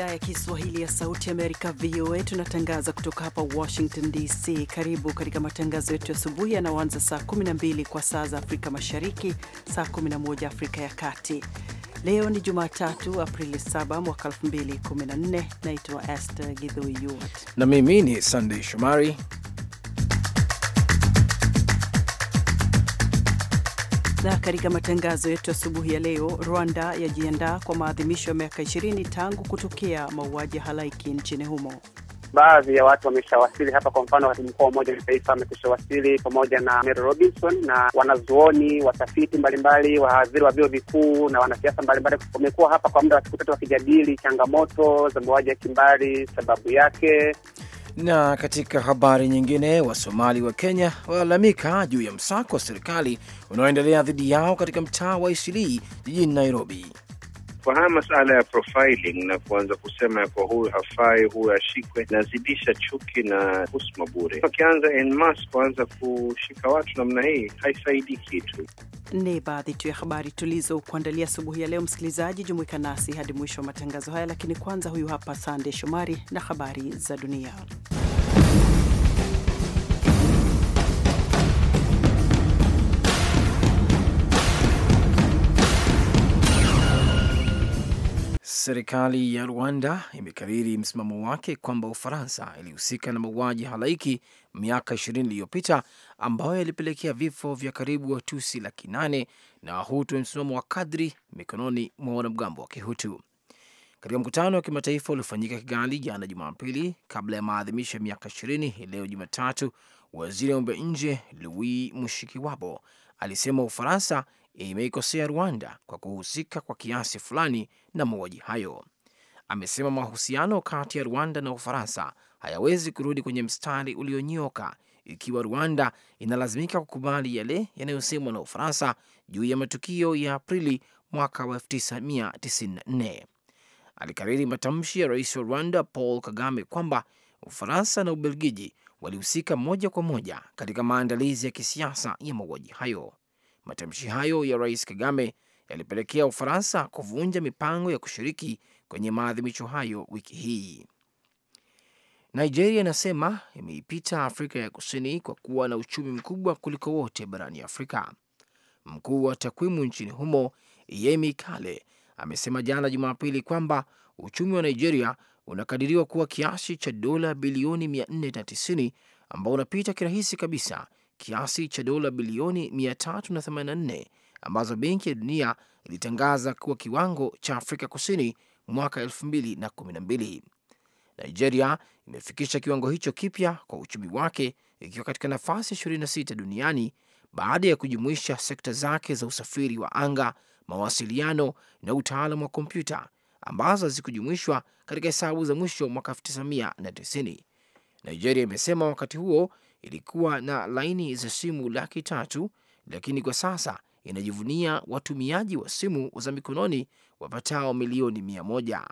idhaa ya Kiswahili ya Sauti Amerika, VOA. Tunatangaza kutoka hapa Washington DC. Karibu katika matangazo yetu ya asubuhi yanaoanza saa 12 kwa saa za Afrika Mashariki, saa 11 Afrika ya Kati. Leo ni Jumatatu, Aprili 7 mwaka 2014. Naitwa Esther Gidhui na mimi ni Sandey Shomari Na katika matangazo yetu asubuhi ya leo, Rwanda yajiandaa kwa maadhimisho ya miaka 20 tangu kutokea mauaji halaiki nchini humo. Baadhi ya watu wameshawasili hapa. Kwa mfano, katibu mkuu wa Umoja wa Mataifa amekushawasili pamoja na Mary Robinson na wanazuoni, watafiti mbalimbali, wahadhiri wa vyuo vikuu na wanasiasa mbalimbali wamekuwa hapa kwa muda wa siku tatu wakijadili changamoto za mauaji ya kimbari, sababu yake na katika habari nyingine, Wasomali wa Kenya walalamika juu ya msako wa serikali unaoendelea dhidi yao katika mtaa wa Isilii jijini Nairobi. Kwa haya masala ya profiling na kuanza kusema kwa huyu hafai, huyu ashikwe, nazidisha chuki na husma bure. Wakianza enmas kuanza kushika watu namna hii, haisaidii kitu. Ni baadhi tu ya habari tulizokuandalia asubuhi ya leo. Msikilizaji, jumuika nasi hadi mwisho wa matangazo haya, lakini kwanza, huyu hapa Sande Shomari na habari za dunia. Serikali ya Rwanda imekariri msimamo wake kwamba Ufaransa ilihusika na mauaji halaiki miaka ishirini iliyopita ambayo yalipelekea vifo vya karibu Watusi laki nane na Wahutu wa msimamo wa kadri mikononi mwa wanamgambo wa Kihutu. Katika mkutano wa kimataifa uliofanyika Kigali jana Jumapili, kabla ya maadhimisho ya miaka ishirini hii leo Jumatatu, waziri wa mambo ya nje Louis Mushikiwabo alisema Ufaransa imeikosea Rwanda kwa kuhusika kwa kiasi fulani na mauaji hayo. Amesema mahusiano kati ya Rwanda na Ufaransa hayawezi kurudi kwenye mstari ulionyoka ikiwa Rwanda inalazimika kukubali yale yanayosemwa na Ufaransa juu ya matukio ya Aprili mwaka wa 1994. Alikariri matamshi ya rais wa Rwanda Paul Kagame kwamba Ufaransa na Ubelgiji walihusika moja kwa moja katika maandalizi ya kisiasa ya mauaji hayo. Matamshi hayo ya Rais Kagame yalipelekea Ufaransa kuvunja mipango ya kushiriki kwenye maadhimisho hayo wiki hii. Nigeria inasema imeipita Afrika ya Kusini kwa kuwa na uchumi mkubwa kuliko wote barani Afrika. Mkuu wa takwimu nchini humo Yemi Kale amesema jana Jumapili kwamba uchumi wa Nigeria unakadiriwa kuwa kiasi cha dola bilioni 490 ambao unapita kirahisi kabisa kiasi cha dola bilioni 384 ambazo Benki ya Dunia ilitangaza kuwa kiwango cha Afrika Kusini mwaka 2012. Nigeria imefikisha kiwango hicho kipya kwa uchumi wake ikiwa katika nafasi 26 duniani baada ya kujumuisha sekta zake za usafiri wa anga, mawasiliano na utaalam wa kompyuta ambazo hazikujumuishwa katika hesabu za mwisho mwaka 1990. Nigeria imesema wakati huo ilikuwa na laini za simu laki tatu, lakini kwa sasa inajivunia watumiaji wa simu za mikononi wapatao milioni mia moja.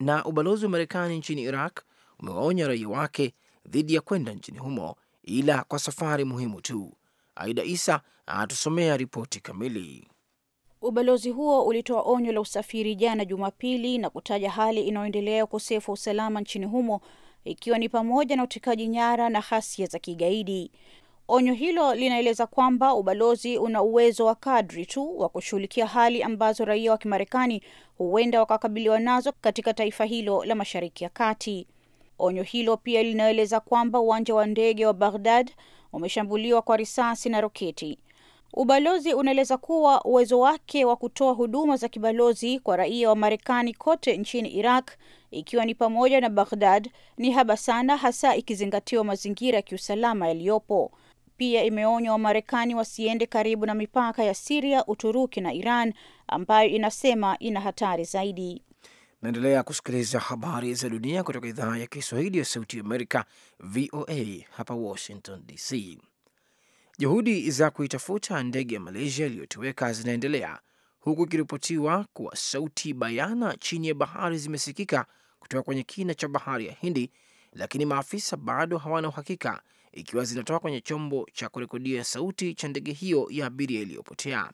Na ubalozi wa Marekani nchini Iraq umewaonya raia wake dhidi ya kwenda nchini humo ila kwa safari muhimu tu. Aida Isa anatusomea ripoti kamili. Ubalozi huo ulitoa onyo la usafiri jana Jumapili na kutaja hali inayoendelea ukosefu wa usalama nchini humo ikiwa ni pamoja na utekaji nyara na ghasia za kigaidi. Onyo hilo linaeleza kwamba ubalozi una uwezo wa kadri tu wa kushughulikia hali ambazo raia wa Kimarekani huenda wakakabiliwa nazo katika taifa hilo la Mashariki ya Kati. Onyo hilo pia linaeleza kwamba uwanja wa ndege wa Baghdad umeshambuliwa kwa risasi na roketi. Ubalozi unaeleza kuwa uwezo wake wa kutoa huduma za kibalozi kwa raia wa Marekani kote nchini Iraq ikiwa ni pamoja na Baghdad ni haba sana, hasa ikizingatiwa mazingira ya kiusalama yaliyopo. Pia imeonywa Wamarekani wasiende karibu na mipaka ya Siria, Uturuki na Iran ambayo inasema ina hatari zaidi. Naendelea kusikiliza habari za dunia kutoka idhaa ya Kiswahili ya Sauti Amerika, VOA hapa Washington DC. Juhudi za kuitafuta ndege ya Malaysia iliyotoweka zinaendelea huku ikiripotiwa kuwa sauti bayana chini ya bahari zimesikika kutoka kwenye kina cha bahari ya Hindi, lakini maafisa bado hawana uhakika ikiwa zinatoka kwenye chombo cha kurekodia sauti cha ndege hiyo ya abiria iliyopotea.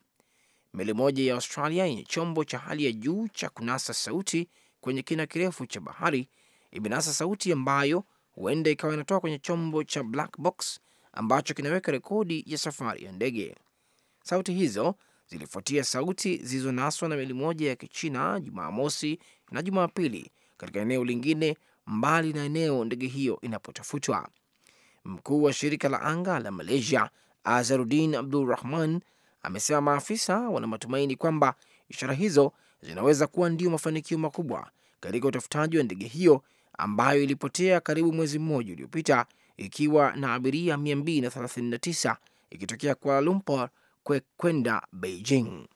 Meli moja ya Australia yenye chombo cha hali ya juu cha kunasa sauti kwenye kina kirefu cha bahari imenasa sauti ambayo huenda ikawa inatoka kwenye chombo cha black box ambacho kinaweka rekodi ya safari ya ndege. Sauti hizo zilifuatia sauti zilizonaswa na meli moja ya Kichina Jumamosi na Jumapili katika eneo lingine mbali na eneo ndege hiyo inapotafutwa. Mkuu wa shirika la anga la Malaysia Azarudin Abdul Rahman amesema maafisa wana matumaini kwamba ishara hizo zinaweza kuwa ndio mafanikio makubwa katika utafutaji wa ndege hiyo ambayo ilipotea karibu mwezi mmoja uliopita ikiwa na abiria 239 ikitokea Kuala Lumpur kwenda Beijing.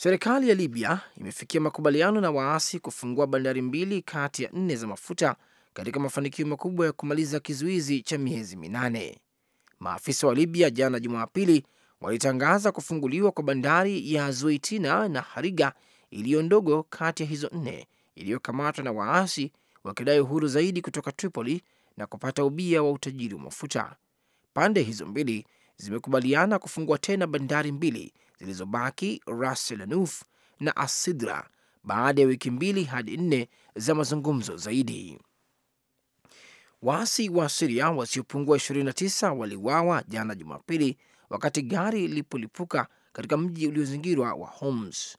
Serikali ya Libya imefikia makubaliano na waasi kufungua bandari mbili kati ya nne za mafuta katika mafanikio makubwa ya kumaliza kizuizi cha miezi minane. Maafisa wa Libya jana Jumapili walitangaza kufunguliwa kwa bandari ya Zuitina na Hariga iliyo ndogo kati ya hizo nne iliyokamatwa na waasi wakidai uhuru zaidi kutoka Tripoli na kupata ubia wa utajiri wa mafuta. Pande hizo mbili zimekubaliana kufungua tena bandari mbili zilizobaki Ras na Asidra baada ya wiki mbili hadi nne za mazungumzo zaidi. Waasi wa Siria wasiopungua 29 waliwawa jana Jumapili wakati gari lilipolipuka katika mji uliozingirwa wa Homs.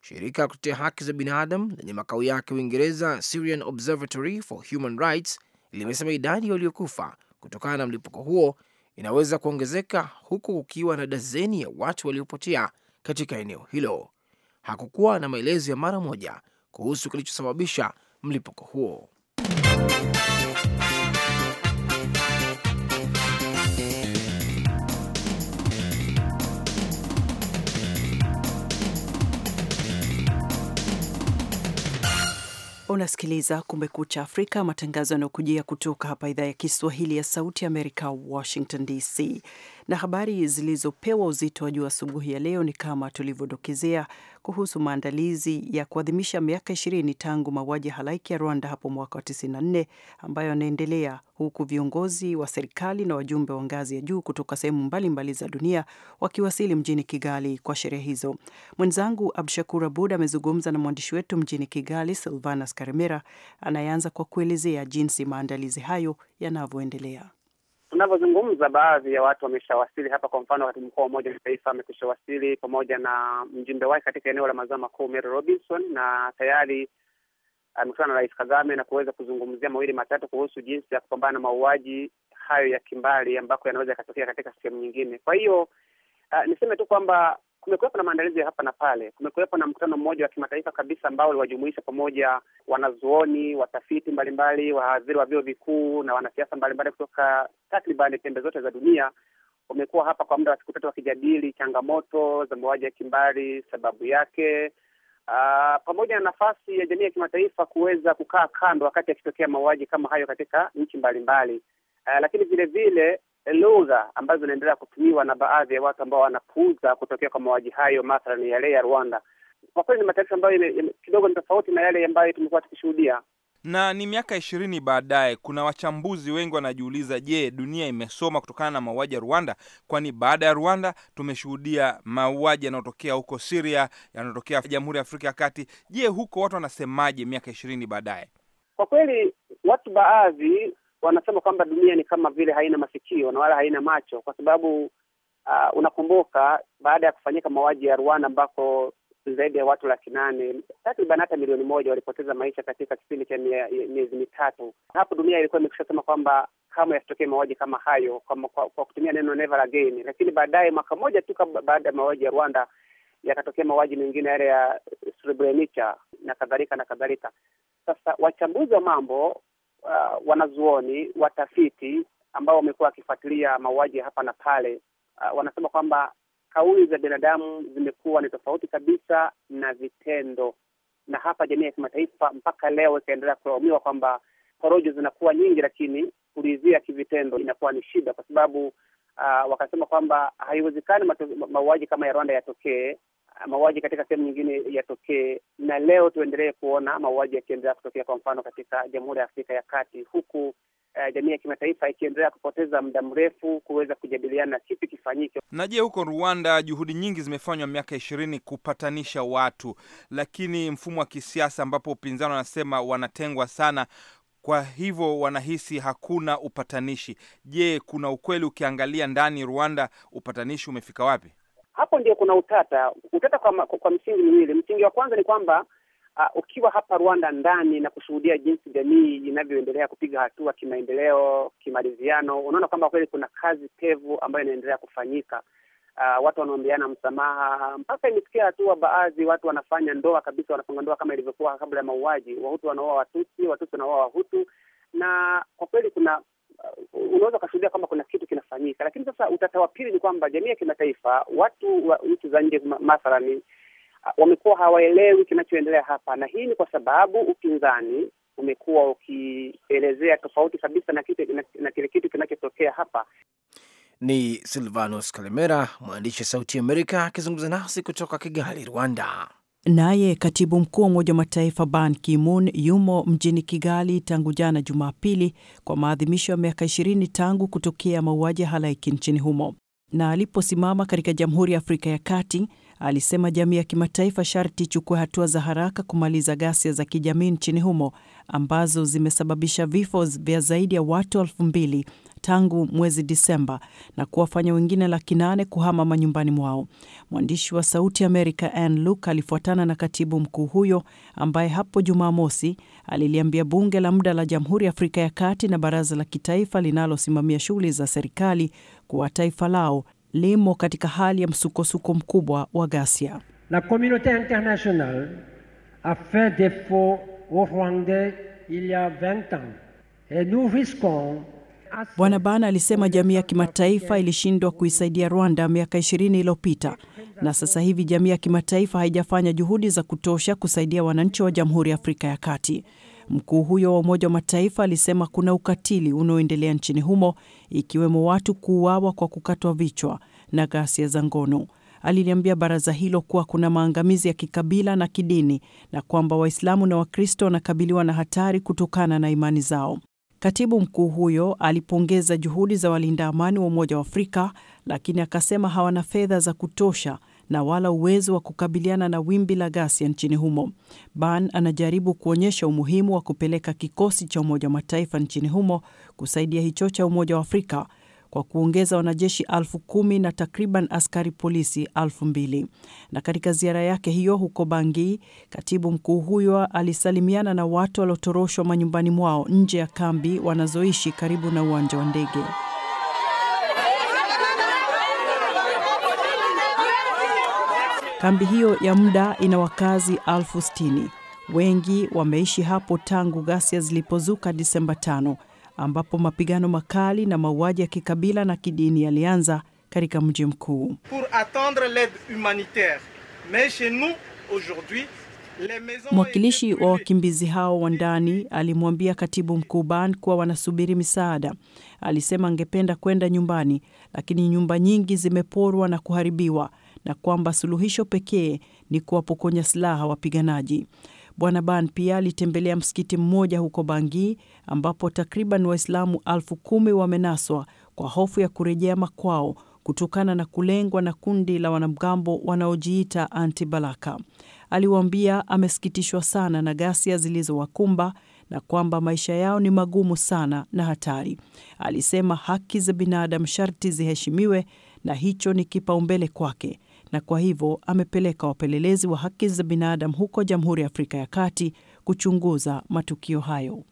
Shirika la kutetea haki za binadamu lenye makao yake Uingereza, Syrian Observatory for Human Rights, limesema idadi waliokufa kutokana na mlipuko huo inaweza kuongezeka huku kukiwa na dazeni ya watu waliopotea katika eneo hilo. Hakukuwa na maelezo ya mara moja kuhusu kilichosababisha mlipuko huo. Unasikiliza Kumekucha Afrika, matangazo yanayokujia kutoka hapa idhaa ya Kiswahili ya Sauti ya Amerika, Washington DC. Na habari zilizopewa uzito wa juu asubuhi ya leo ni kama tulivyodokezea, kuhusu maandalizi ya kuadhimisha miaka 20 tangu mauaji halaiki ya Rwanda hapo mwaka wa 94 ambayo yanaendelea huku viongozi wa serikali na wajumbe wa ngazi ya juu kutoka sehemu mbalimbali za dunia wakiwasili mjini Kigali kwa sherehe hizo. Mwenzangu Abdushakur Abud amezungumza na mwandishi wetu mjini Kigali, Silvanas Karemera, anayeanza kwa kuelezea jinsi maandalizi hayo yanavyoendelea tunavyozungumza, baadhi ya watu wameshawasili hapa. Kwa mfano, katibu mkuu wa Umoja wa Mataifa amekwishawasili pamoja na mjumbe wake katika eneo la maziwa makuu Mary Robinson, na tayari amekutana na Rais Kagame na kuweza kuzungumzia mawili matatu kuhusu jinsi ya kupambana na mauaji hayo ya kimbali ambako yanaweza yakatokea katika sehemu nyingine. Kwa hiyo uh, niseme tu kwamba kumekuwepo na maandalizi ya hapa na pale. Kumekuwepo na mkutano mmoja wa kimataifa kabisa ambao uliwajumuisha pamoja wanazuoni, watafiti mbalimbali, wahadhiri wa vyuo vikuu na wanasiasa mbalimbali kutoka takriban pembe zote za dunia. Wamekuwa hapa kwa muda wa siku tatu wakijadili changamoto za mauaji ya kimbari, sababu yake, uh, pamoja na nafasi ya jamii ya kimataifa kuweza kukaa kando wakati yakitokea mauaji kama hayo katika nchi mbalimbali. Uh, lakini vilevile lugha ambazo zinaendelea kutumiwa na baadhi ya watu ambao wanapuuza kutokea kwa mauaji hayo, mathalani yale ya Rwanda. Kwa kweli ni mataifa ambayo kidogo ni tofauti na yale ambayo tumekuwa tukishuhudia na ni miaka ishirini baadaye. Kuna wachambuzi wengi wanajiuliza, je, dunia imesoma kutokana na mauaji ya Rwanda? Kwani baada ya Rwanda tumeshuhudia mauaji yanayotokea huko Siria, yanayotokea Jamhuri ya Afrika ya Kati. Je, huko watu wanasemaje miaka ishirini baadaye? Kwa kweli watu baadhi wanasema kwamba dunia ni kama vile haina masikio na wala haina macho, kwa sababu uh, unakumbuka baada ya kufanyika mauaji ya Rwanda ambako zaidi ya watu laki nane takriban hata milioni moja walipoteza maisha katika kipindi cha miezi mitatu. Hapo dunia ilikuwa imekwisha sema kwamba kama yasitokee mauaji kama hayo, kwa, kwa, kwa kutumia neno never again. Lakini baadaye mwaka mmoja tu baada ya mauaji ya Rwanda yakatokea mauaji mengine yale ya Srebrenica na kadhalika na kadhalika. Sasa wachambuzi wa mambo uh, wanazuoni watafiti ambao wamekuwa wakifuatilia mauaji hapa na pale uh, wanasema kwamba kauli za binadamu zimekuwa ni tofauti kabisa na vitendo, na hapa jamii ya kimataifa mpaka leo ikaendelea kulaumiwa kwamba porojo zinakuwa nyingi, lakini kulizia kivitendo inakuwa ni shida, kwa sababu uh, wakasema kwamba haiwezekani mauaji kama ya Rwanda yatokee mauaji katika sehemu nyingine yatokee, na leo tuendelee kuona mauaji yakiendelea kutokea, kwa mfano katika Jamhuri ya Afrika ya Kati, huku uh, jamii ya kimataifa ikiendelea kupoteza muda mrefu kuweza kujadiliana kipi kifanyike. Na je, huko Rwanda juhudi nyingi zimefanywa miaka ishirini kupatanisha watu, lakini mfumo wa kisiasa ambapo upinzani wanasema wanatengwa sana kwa hivyo wanahisi hakuna upatanishi. Je, kuna ukweli? Ukiangalia ndani Rwanda, upatanishi umefika wapi? Hapo ndio kuna utata, utata kwa, kwa msingi miwili. Msingi wa kwanza ni kwamba Uh, ukiwa hapa Rwanda ndani na kushuhudia jinsi jamii inavyoendelea kupiga hatua kimaendeleo, kimaliziano, unaona kwamba kweli kuna kazi pevu ambayo inaendelea kufanyika. Uh, watu wanaombeana msamaha mpaka imefikia hatua baadhi watu wanafanya ndoa kabisa, wanafunga ndoa kama ilivyokuwa kabla ya mauaji. Wahutu wanaoa Watusi, Watusi wanaoa Wahutu, na kwa kweli kuna Uh, unaweza ukashuhudia kwamba kuna kitu kinafanyika, lakini sasa utata wa pili ni kwamba jamii ya kimataifa, watu wa nchi za nje mathalani, uh, wamekuwa hawaelewi kinachoendelea hapa, na hii ni kwa sababu upinzani umekuwa ukielezea tofauti kabisa na kile na, na kitu kinachotokea hapa. Ni Silvanos Kalemera, mwandishi wa Sauti ya Amerika akizungumza nasi kutoka Kigali, Rwanda. Naye katibu mkuu wa Umoja wa Mataifa Ban Ki-moon yumo mjini Kigali tangu jana Jumapili kwa maadhimisho ya miaka 20 tangu kutokea mauaji ya halaiki nchini humo. Na aliposimama katika Jamhuri ya Afrika ya Kati, alisema jamii ya kimataifa sharti ichukue hatua za haraka kumaliza ghasia za kijamii nchini humo ambazo zimesababisha vifo vya zaidi ya watu elfu mbili tangu mwezi Disemba na kuwafanya wengine laki nane kuhama manyumbani mwao. Mwandishi wa Sauti Amerika Ann Luke alifuatana na katibu mkuu huyo ambaye hapo Jumamosi aliliambia bunge la muda la Jamhuri ya Afrika ya Kati na baraza la kitaifa linalosimamia shughuli za serikali kuwa taifa lao limo katika hali ya msukosuko mkubwa wa ghasia. La communauté internationale a fait défaut au Rwanda il y a 20 ans et nous risquons Bwana Bana alisema jamii ya kimataifa ilishindwa kuisaidia Rwanda miaka 20 iliyopita, na sasa hivi jamii ya kimataifa haijafanya juhudi za kutosha kusaidia wananchi wa Jamhuri ya Afrika ya Kati. Mkuu huyo wa Umoja wa Mataifa alisema kuna ukatili unaoendelea nchini humo, ikiwemo watu kuuawa kwa kukatwa vichwa na ghasia za ngono. Aliliambia baraza hilo kuwa kuna maangamizi ya kikabila na kidini na kwamba Waislamu na Wakristo wanakabiliwa na hatari kutokana na imani zao. Katibu mkuu huyo alipongeza juhudi za walinda amani wa Umoja wa Afrika, lakini akasema hawana fedha za kutosha na wala uwezo wa kukabiliana na wimbi la ghasia nchini humo. Ban anajaribu kuonyesha umuhimu wa kupeleka kikosi cha Umoja wa Mataifa nchini humo kusaidia hicho cha Umoja wa Afrika kwa kuongeza wanajeshi elfu kumi na takriban askari polisi elfu mbili. Na katika ziara yake hiyo huko Bangi, katibu mkuu huyo alisalimiana na watu waliotoroshwa manyumbani mwao nje ya kambi wanazoishi karibu na uwanja wa ndege. Kambi hiyo ya muda ina wakazi elfu sitini. Wengi wameishi hapo tangu ghasia zilipozuka Disemba 5 ambapo mapigano makali na mauaji ya kikabila na kidini yalianza katika mji mkuu. Mwakilishi wa wakimbizi hao wa ndani alimwambia katibu mkuu Ban kuwa wanasubiri misaada. Alisema angependa kwenda nyumbani, lakini nyumba nyingi zimeporwa na kuharibiwa na kwamba suluhisho pekee ni kuwapokonya silaha wapiganaji. Bwana Ban pia alitembelea msikiti mmoja huko Bangi ambapo takriban Waislamu elfu kumi wamenaswa kwa hofu ya kurejea makwao kutokana na kulengwa na kundi la wanamgambo wanaojiita Anti-Balaka. Aliwaambia amesikitishwa sana na ghasia zilizowakumba na kwamba maisha yao ni magumu sana na hatari. Alisema haki za binadamu sharti ziheshimiwe na hicho ni kipaumbele kwake na kwa hivyo amepeleka wapelelezi wa haki za binadamu huko Jamhuri ya Afrika ya Kati kuchunguza matukio hayo.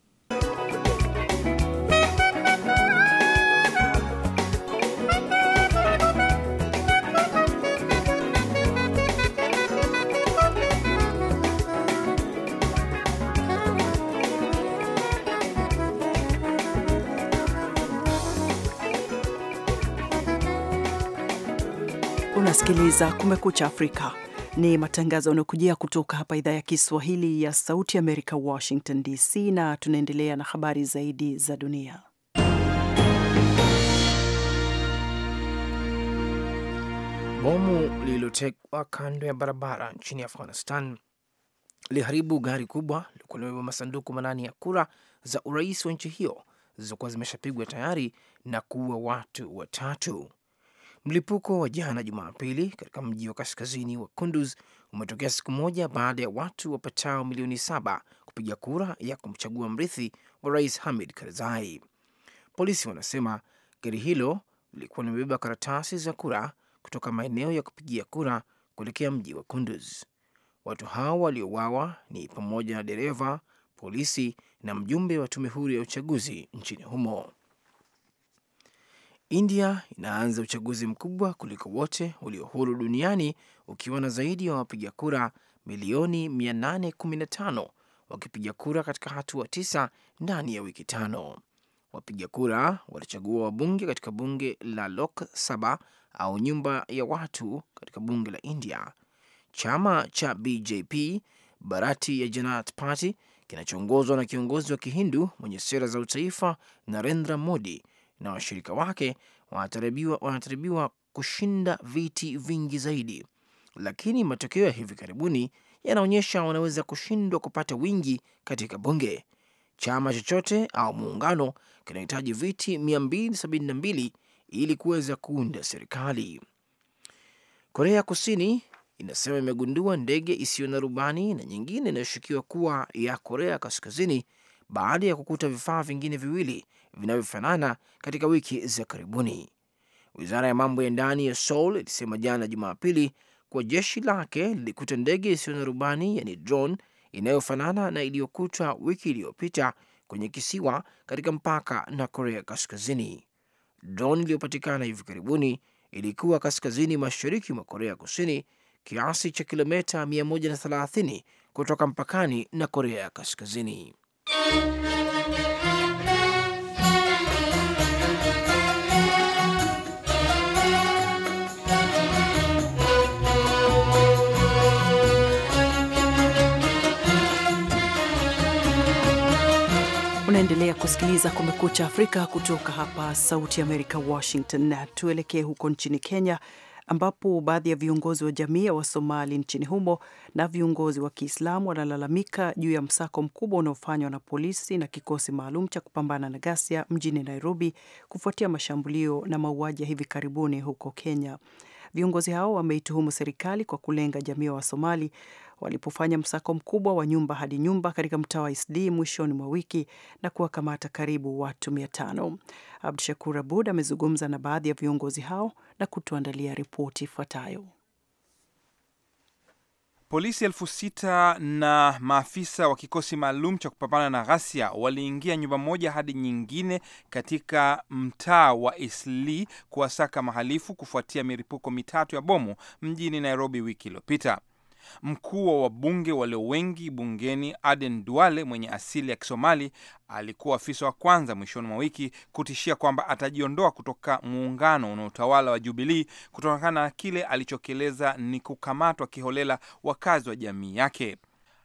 unasikiliza Kumekucha Afrika. Ni matangazo yanayokujia kutoka hapa idhaa ya Kiswahili ya Sauti ya Amerika, Washington DC, na tunaendelea na habari zaidi za dunia. Bomu lililotekwa kando ya barabara nchini Afghanistan liliharibu gari kubwa lilikuwa limebeba masanduku manane ya kura za urais wa nchi hiyo zilizokuwa zimeshapigwa tayari na kuua watu watatu. Mlipuko wa jana Jumapili katika mji wa kaskazini wa Kunduz umetokea siku moja baada ya watu wapatao milioni saba kupiga kura ya kumchagua mrithi wa rais Hamid Karzai. Polisi wanasema gari hilo lilikuwa limebeba karatasi za kura kutoka maeneo ya kupigia kura kuelekea mji wa Kunduz. Watu hao waliouawa ni pamoja na dereva, polisi na mjumbe wa tume huru ya uchaguzi nchini humo. India inaanza uchaguzi mkubwa kuliko wote ulio huru duniani ukiwa na zaidi ya wa wapiga kura milioni 815 wakipiga kura katika hatua tisa ndani ya wiki tano. Wapiga kura walichagua wabunge katika bunge la Lok Sabha au nyumba ya watu katika bunge la India. Chama cha BJP, barati ya Janat Party, kinachoongozwa na kiongozi wa Kihindu mwenye sera za utaifa Narendra Modi na washirika wake wanatarajiwa kushinda viti vingi zaidi, lakini matokeo ya hivi karibuni yanaonyesha wanaweza kushindwa kupata wingi katika bunge. Chama chochote au muungano kinahitaji viti 272 ili kuweza kuunda serikali. Korea Kusini inasema imegundua ndege isiyo na rubani na nyingine inayoshukiwa kuwa ya Korea Kaskazini baada ya kukuta vifaa vingine viwili vinavyofanana katika wiki za karibuni. Wizara ya mambo ya ndani ya Seoul ilisema jana Jumapili kuwa jeshi lake lilikuta ndege isiyo na rubani yani drone inayofanana na iliyokutwa wiki iliyopita kwenye kisiwa katika mpaka na Korea Kaskazini. Drone iliyopatikana hivi karibuni ilikuwa kaskazini mashariki mwa Korea Kusini, kiasi cha kilomita 130 kutoka mpakani na Korea Kaskazini. Unaendelea kusikiliza Kumekucha Afrika kutoka hapa Sauti ya Amerika, Washington, na tuelekee huko nchini Kenya ambapo baadhi ya viongozi wa jamii ya Wasomali nchini humo na viongozi wa Kiislamu wanalalamika juu ya msako mkubwa unaofanywa na polisi na kikosi maalum cha kupambana na ghasia mjini Nairobi kufuatia mashambulio na mauaji ya hivi karibuni huko Kenya. Viongozi hao wameituhumu serikali kwa kulenga jamii ya Wasomali walipofanya msako mkubwa wa nyumba hadi nyumba katika mtaa wa Isdi mwishoni mwa wiki na kuwakamata karibu watu tano. Abdu Shakur Abud amezungumza na baadhi ya viongozi hao na kutuandalia ripoti ifuatayo. Polisi elfu sita na maafisa wa kikosi maalum cha kupambana na ghasia waliingia nyumba moja hadi nyingine katika mtaa wa Isli kuwasaka mahalifu kufuatia milipuko mitatu ya bomu mjini Nairobi wiki iliyopita. Mkuu wa wabunge walio wengi bungeni Aden Duale mwenye asili ya Kisomali alikuwa afisa wa kwanza mwishoni mwa wiki kutishia kwamba atajiondoa kutoka muungano unaotawala wa Jubilii kutokana na kile alichokieleza ni kukamatwa kiholela wakazi wa jamii yake.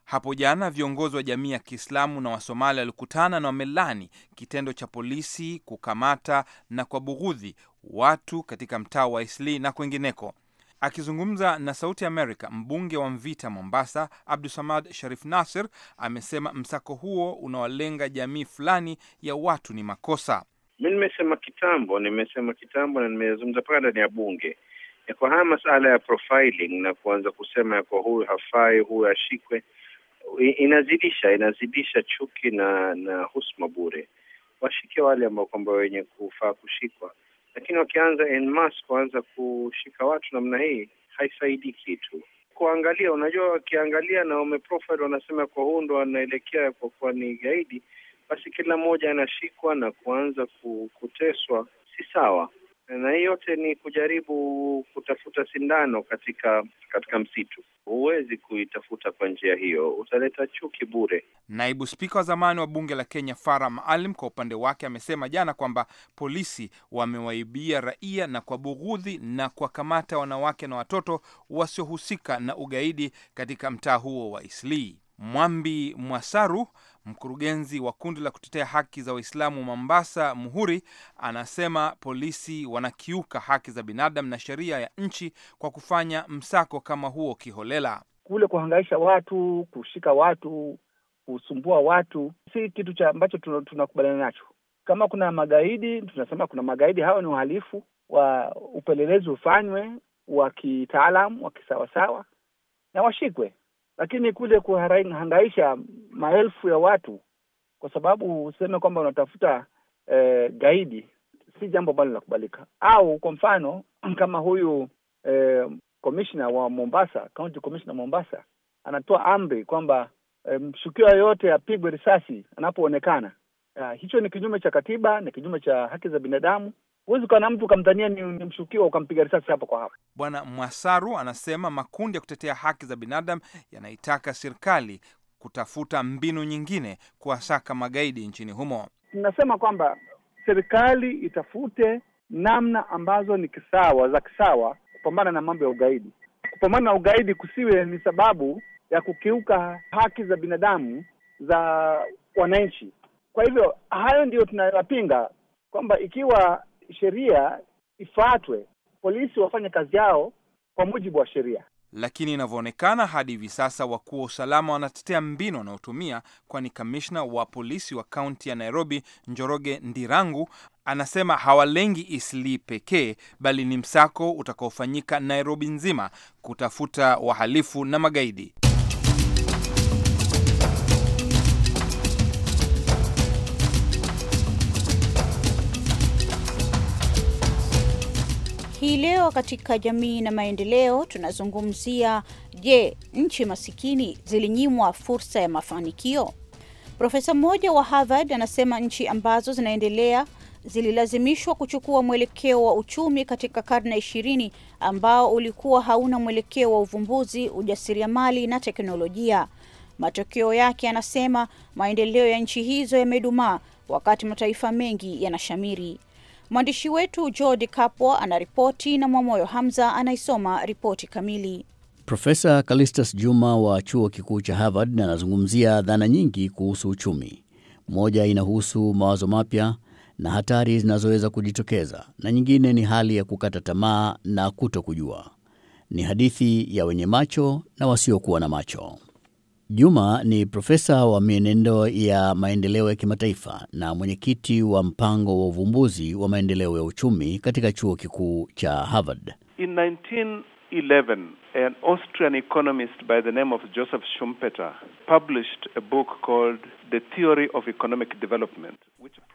Hapo jana viongozi wa jamii ya Kiislamu na Wasomali walikutana na wamelani kitendo cha polisi kukamata na kwa bughudhi watu katika mtaa wa Isli na kwengineko. Akizungumza na Sauti Amerika, mbunge wa Mvita Mombasa, Abdusamad Sharif Nasir amesema msako huo unawalenga jamii fulani ya watu ni makosa. Mi nimesema kitambo, nimesema kitambo na nimezungumza mpaka ndani ya bunge ya kwa haya masala ya profiling na kuanza kusema ya kwa huyu hafai, huyu ashikwe, inazidisha inazidisha chuki na na husma bure. Washike wale ambao kwamba wenye kufaa kushikwa lakini wakianza en kuanza kushika watu namna hii haisaidi kitu kuangalia. Unajua, wakiangalia na wame wanasema kwa huu ndo anaelekea kwa kuwa ni gaidi, basi kila mmoja anashikwa na kuanza kuteswa, si sawa na hii yote ni kujaribu kutafuta sindano katika katika msitu. Huwezi kuitafuta kwa njia hiyo, utaleta chuki bure. Naibu spika wa zamani wa bunge la Kenya Farah Maalim kwa upande wake amesema jana kwamba polisi wamewaibia raia na kwa bughudhi na kuwakamata wanawake na watoto wasiohusika na ugaidi katika mtaa huo wa Islii. Mwambi Mwasaru, mkurugenzi wa kundi la kutetea haki za Waislamu Mombasa, Muhuri, anasema polisi wanakiuka haki za binadamu na sheria ya nchi kwa kufanya msako kama huo kiholela, kule kuhangaisha watu, kushika watu, kusumbua watu, si kitu cha ambacho tunakubaliana nacho. Kama kuna magaidi, tunasema kuna magaidi, hawa ni uhalifu wa upelelezi ufanywe wa kitaalamu wa kisawasawa na washikwe lakini kule kuhangaisha maelfu ya watu kwa sababu useme kwamba unatafuta e, gaidi si jambo ambalo linakubalika. Au kwa mfano kama huyu komishna eh, wa Mombasa, county commissioner Mombasa, anatoa amri kwamba e, mshukiwa yoyote apigwe risasi anapoonekana. Ah, hicho ni kinyume cha katiba, ni kinyume cha haki za binadamu, Huwezi ukawa na mtu ukamdhania ni, ni mshukiwa ukampiga risasi hapa kwa hapa. Bwana Mwasaru anasema makundi ya kutetea haki za binadamu yanaitaka serikali kutafuta mbinu nyingine kuwasaka magaidi nchini humo. Ninasema kwamba serikali itafute namna ambazo ni kisawa za kisawa kupambana na mambo ya ugaidi. Kupambana na ugaidi kusiwe ni sababu ya kukiuka haki za binadamu za wananchi. Kwa hivyo hayo ndiyo tunayoyapinga, kwamba ikiwa sheria ifuatwe, polisi wafanye kazi yao kwa mujibu wa sheria. Lakini inavyoonekana hadi hivi sasa, wakuu wa usalama wanatetea mbinu wanaotumia, kwani kamishna wa polisi wa kaunti ya Nairobi Njoroge Ndirangu anasema hawalengi Islii pekee, bali ni msako utakaofanyika Nairobi nzima kutafuta wahalifu na magaidi. leo katika jamii na maendeleo tunazungumzia, je, nchi masikini zilinyimwa fursa ya mafanikio? Profesa mmoja wa Harvard anasema nchi ambazo zinaendelea zililazimishwa kuchukua mwelekeo wa uchumi katika karne ishirini ambao ulikuwa hauna mwelekeo wa uvumbuzi, ujasiriamali na teknolojia. Matokeo yake, anasema, maendeleo ya nchi hizo yamedumaa wakati mataifa mengi yanashamiri. Mwandishi wetu Jordi Kapwa anaripoti na Mwamoyo Hamza anaisoma ripoti kamili. Profesa Kalistus Juma wa chuo kikuu cha Harvard anazungumzia dhana nyingi kuhusu uchumi. Moja inahusu mawazo mapya na hatari zinazoweza kujitokeza, na nyingine ni hali ya kukata tamaa na kuto kujua. Ni hadithi ya wenye macho na wasiokuwa na macho. Juma ni profesa wa mienendo ya maendeleo ya kimataifa na mwenyekiti wa mpango wa uvumbuzi wa maendeleo ya uchumi katika chuo kikuu cha Harvard. In 1911, an Austrian economist by the name of Joseph Schumpeter published a book called The Theory of Economic Development.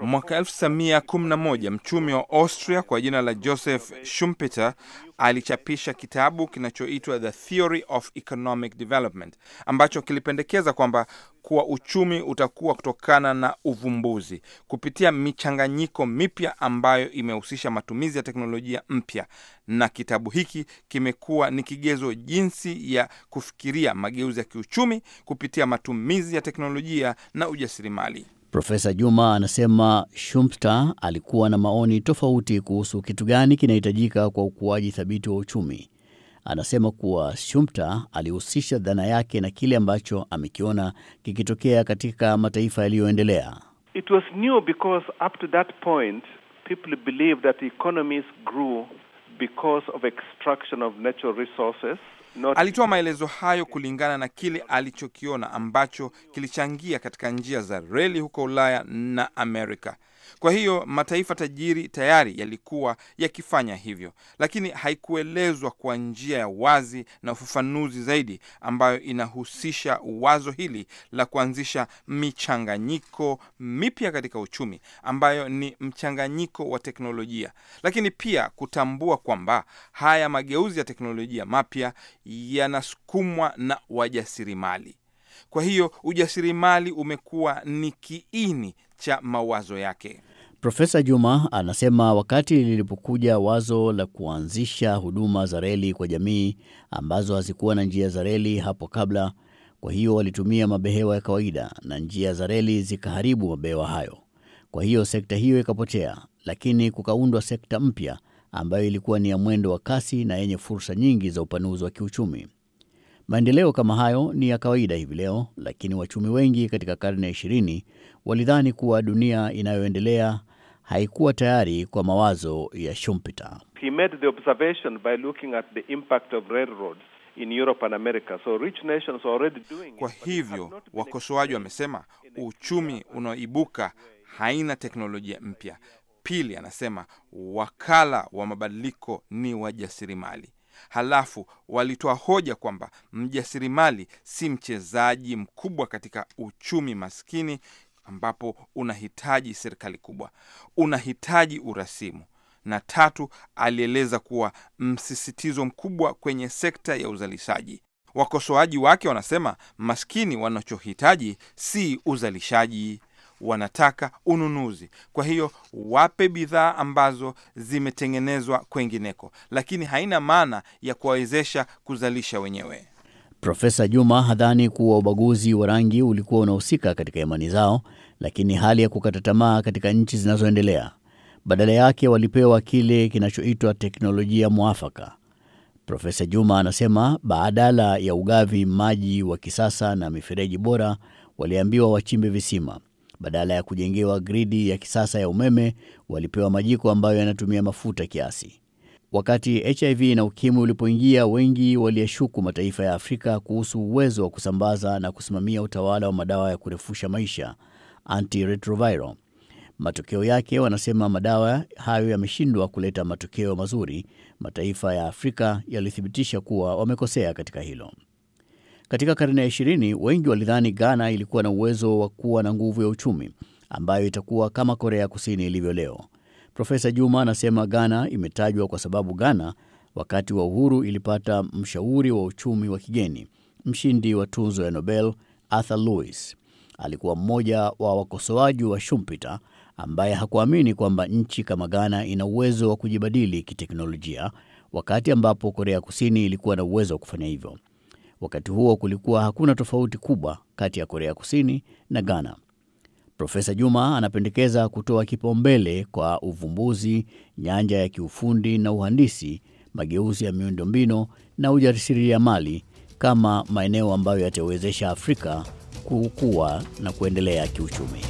Mwaka 1911 mchumi wa Austria kwa jina la Joseph Schumpeter alichapisha kitabu kinachoitwa The Theory of Economic Development ambacho kilipendekeza kwamba kuwa uchumi utakuwa kutokana na uvumbuzi kupitia michanganyiko mipya ambayo imehusisha matumizi ya teknolojia mpya, na kitabu hiki kimekuwa ni kigezo jinsi ya kufikiria mageuzi ya kiuchumi kupitia matumizi ya teknolojia na ujasiriamali. Profesa Juma anasema Shumpta alikuwa na maoni tofauti kuhusu kitu gani kinahitajika kwa ukuaji thabiti wa uchumi. Anasema kuwa Shumpta alihusisha dhana yake na kile ambacho amekiona kikitokea katika mataifa yaliyoendelea. It was new because up to that point people believed that economies grew because of extraction of natural resources Alitoa maelezo hayo kulingana na kile alichokiona ambacho kilichangia katika njia za reli huko Ulaya na Amerika. Kwa hiyo mataifa tajiri tayari yalikuwa yakifanya hivyo, lakini haikuelezwa kwa njia ya wazi na ufafanuzi zaidi, ambayo inahusisha wazo hili la kuanzisha michanganyiko mipya katika uchumi, ambayo ni mchanganyiko wa teknolojia, lakini pia kutambua kwamba haya mageuzi ya teknolojia mapya yanasukumwa na wajasirimali kwa hiyo ujasiriamali umekuwa ni kiini cha mawazo yake. Profesa Juma anasema wakati lilipokuja wazo la kuanzisha huduma za reli kwa jamii ambazo hazikuwa na njia za reli hapo kabla, kwa hiyo walitumia mabehewa ya kawaida na njia za reli zikaharibu mabehewa hayo. Kwa hiyo sekta hiyo ikapotea, lakini kukaundwa sekta mpya ambayo ilikuwa ni ya mwendo wa kasi na yenye fursa nyingi za upanuzi wa kiuchumi. Maendeleo kama hayo ni ya kawaida hivi leo, lakini wachumi wengi katika karne ya ishirini walidhani kuwa dunia inayoendelea haikuwa tayari kwa mawazo ya Schumpeter. He made the observation by looking at the impact of railroads in Europe and America. So rich nations are already doing it. Kwa hivyo wakosoaji wamesema uchumi unaoibuka haina teknolojia mpya. Pili, anasema wakala wa mabadiliko ni wajasiriamali. Halafu walitoa hoja kwamba mjasirimali si mchezaji mkubwa katika uchumi maskini, ambapo unahitaji serikali kubwa, unahitaji urasimu. Na tatu, alieleza kuwa msisitizo mkubwa kwenye sekta ya uzalishaji. Wakosoaji wake wanasema maskini wanachohitaji si uzalishaji wanataka ununuzi. Kwa hiyo wape bidhaa ambazo zimetengenezwa kwengineko, lakini haina maana ya kuwawezesha kuzalisha wenyewe. Profesa Juma hadhani kuwa ubaguzi wa rangi ulikuwa unahusika katika imani zao, lakini hali ya kukata tamaa katika nchi zinazoendelea. Badala yake walipewa kile kinachoitwa teknolojia mwafaka. Profesa Juma anasema badala ya ugavi maji wa kisasa na mifereji bora, waliambiwa wachimbe visima. Badala ya kujengewa gridi ya kisasa ya umeme, walipewa majiko ambayo yanatumia mafuta kiasi. Wakati HIV na ukimwi ulipoingia, wengi waliyeshuku mataifa ya Afrika kuhusu uwezo wa kusambaza na kusimamia utawala wa madawa ya kurefusha maisha antiretroviral. Matokeo yake, wanasema madawa hayo yameshindwa kuleta matokeo mazuri. Mataifa ya Afrika yalithibitisha kuwa wamekosea katika hilo. Katika karne ya ishirini, wengi walidhani Ghana ilikuwa na uwezo wa kuwa na nguvu ya uchumi ambayo itakuwa kama Korea ya Kusini ilivyo leo. Profesa Juma anasema Ghana imetajwa kwa sababu Ghana wakati wa uhuru ilipata mshauri wa uchumi wa kigeni, mshindi wa tunzo ya Nobel Arthur louis Alikuwa mmoja wa wakosoaji wa Shumpita ambaye hakuamini kwamba nchi kama Ghana ina uwezo wa kujibadili kiteknolojia, wakati ambapo Korea Kusini ilikuwa na uwezo wa kufanya hivyo. Wakati huo kulikuwa hakuna tofauti kubwa kati ya Korea Kusini na Ghana. Profesa Juma anapendekeza kutoa kipaumbele kwa uvumbuzi, nyanja ya kiufundi na uhandisi, mageuzi ya miundombinu na ujasiriamali kama maeneo ambayo yatawezesha Afrika kukua na kuendelea kiuchumi.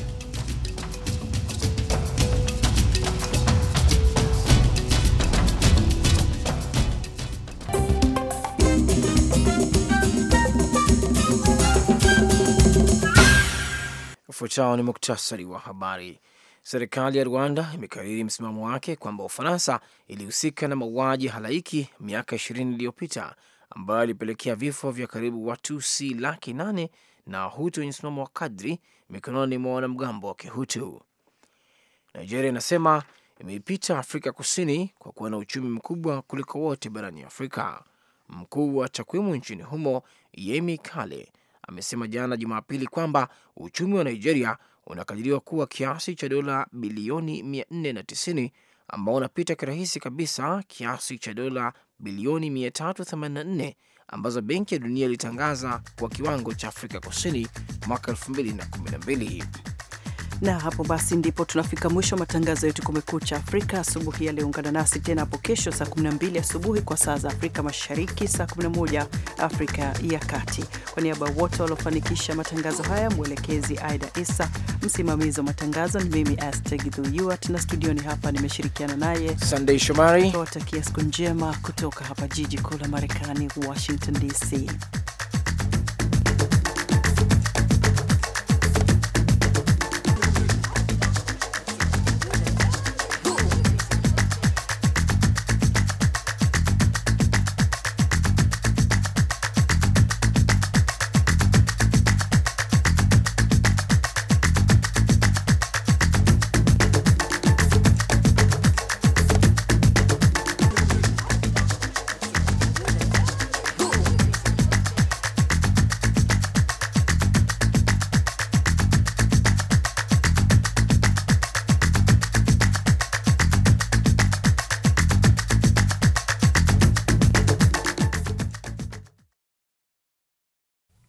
Ufuatao ni muktasari wa habari. Serikali ya Rwanda imekariri msimamo wake kwamba Ufaransa ilihusika na mauaji halaiki miaka ishirini iliyopita ambayo ilipelekea vifo vya karibu Watusi laki nane na Wahutu wenye msimamo wa kadri mikononi mwa wanamgambo wa Kihutu. Nigeria inasema imeipita Afrika Kusini kwa kuwa na uchumi mkubwa kuliko wote barani Afrika. Mkuu wa takwimu nchini humo Yemi Kale amesema jana Jumapili kwamba uchumi wa Nigeria unakadiriwa kuwa kiasi cha dola bilioni 490 ambao unapita kirahisi kabisa kiasi cha dola bilioni 384 ambazo Benki ya Dunia ilitangaza kwa kiwango cha Afrika Kusini mwaka 2012. Na hapo basi ndipo tunafika mwisho matangazo yetu Kumekucha Afrika asubuhi yaliyoungana nasi tena hapo kesho saa 12 asubuhi kwa saa za Afrika Mashariki, saa 11 Afrika ya Kati. Kwa niaba wote waliofanikisha matangazo haya, mwelekezi Aida Isa, msimamizi wa matangazo ni mimi Astegidhuat, na studioni hapa nimeshirikiana naye Sandei Shomari. watakia siku njema kutoka hapa jiji kuu la Marekani, Washington DC.